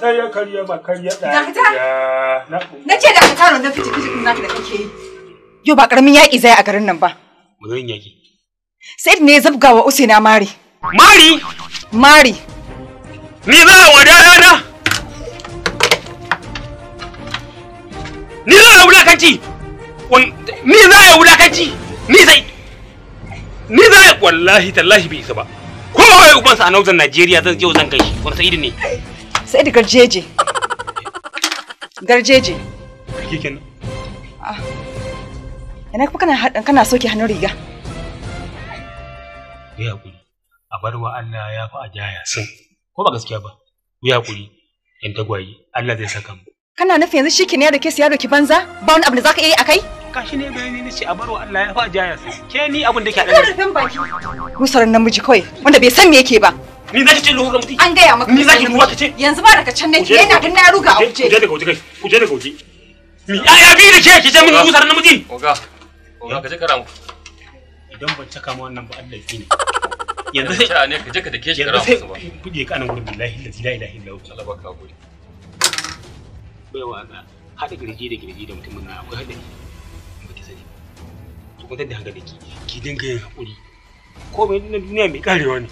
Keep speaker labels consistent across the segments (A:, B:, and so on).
A: sai ya karya ba karya na ce da fiti fiti da kake yi yau ba karamin yaƙi zai a garin nan ba mu zo yin yaƙi sai ne zabgawa mari mari mari ni za a wada rana ni za a wulakanci ni za a wulakanci ni zai ni wallahi tallahi bai isa ba kowa ya ubansa a nauzan najeriya zan je zan kai shi wani sa'idi ne Sai da garjeje. Garjeje. Kike kenan. Ah. Ina kuma kana kana soke hannun riga. Ya kuri A wa Allah ya fa a jaya sun. Ko ba gaskiya ba. Ya hakuri. Yan tagwaye Allah zai saka mu. Kana nufin yanzu ki ne da ke siyar da ki banza? Ba wani abu da zaka iya yi akai? Kashi ne bayani ne ce a bar wa Allah ya fa a jaya sun. Ke ni abin da ke a Kana rufin baki. Musarar namiji kawai wanda bai san me yake ba. ni zaki ce lura mutum an gaya maka ni zaki ta ce yanzu ba daga can yana ganin na ruga a kuje daga kai kuje daga bi da ke ki je mun rusar oga oga ka je kara mu idan ban caka ma ba Allah ne ne ka je ka dake shi ka nan la ilaha Allah baka baiwa da girgi da mutumin nan akwai ki dinga yin komai duniya mai karewa ne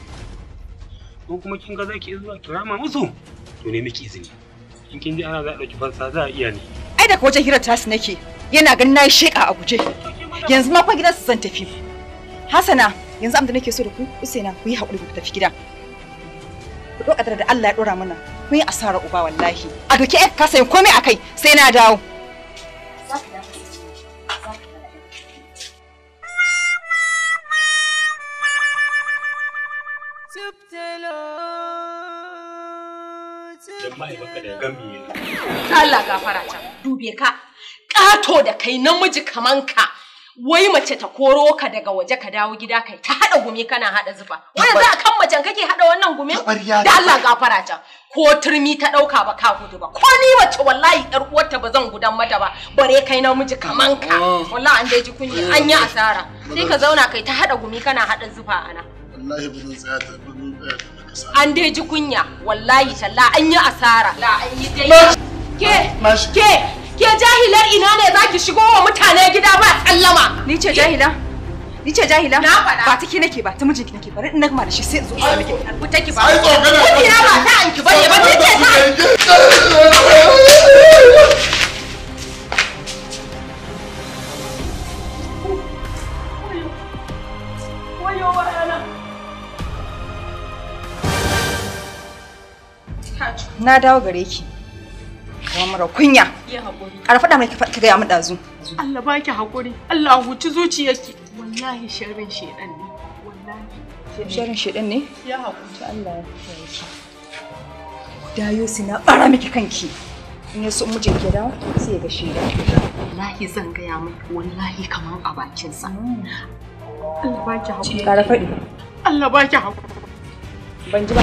A: ko kuma kin ga zaki zuwa kirama musu to ne miki izini Kin kin ji ana za a fansa za a iya ne ai da wajen hirar tasu nake yana ganin na yi sheƙa a guje yanzu ma fa gidansu zan tafi hasana yanzu abin da nake so da ku usaina ku yi haƙuri ku tafi gida ku ɗaukar da Allah ya ɗora mana kun yi asara uba wallahi a doke ka sayin komai akai sai na dawo don ka ƙato da kai namiji kaman ka wai mace ta koro ka daga waje ka dawo gida kai ta hada gumi kana hada zufa wanda za a kan macen kake haɗa wannan gumin da Allah gafara ta ko turmi ta ɗauka ba ka gudu ba ko ni mace wallahi yar uwarta ba zan gudan mata ba bare kai namiji kaman ka mm. wallahi an dai kunya mm. an yi asara sai ka mm. zauna kai ta haɗa gumi kana hada zufa ana wallahi ba zan tsaya ta an dai ji kunya wallahi talla an yi asara la an yi dai ke ke ke jahilar ina ne zaki shigo wa mutane gida ba tsallama ni ce jahila ni ce jahila ba take nake ba ta mijinki nake bari in na gama da shi sai in zo ki miki ta take ba ai tsokana ba ta anki bane ba take ta Na dawo gare ki. Ga mara kunya. Ya haƙuri. Ara faɗa mai ki gaya mu ɗazu. Allah ba ki haƙuri. Allah huci zuciyarki. Wallahi sharrin shedan ne. Wallahi. Sharrin shedan ne? Ya hakuri. Allah ya kiyaye ki. Dayo si na ɓara miki kanki. In ya so mijin ki dawo sai ya ga shedan. Wallahi zan gaya mai wallahi kaman a bakinsa. Mm. Allah ba ki haƙuri. Ƙara faɗi. Allah ba ki Ban ji ba.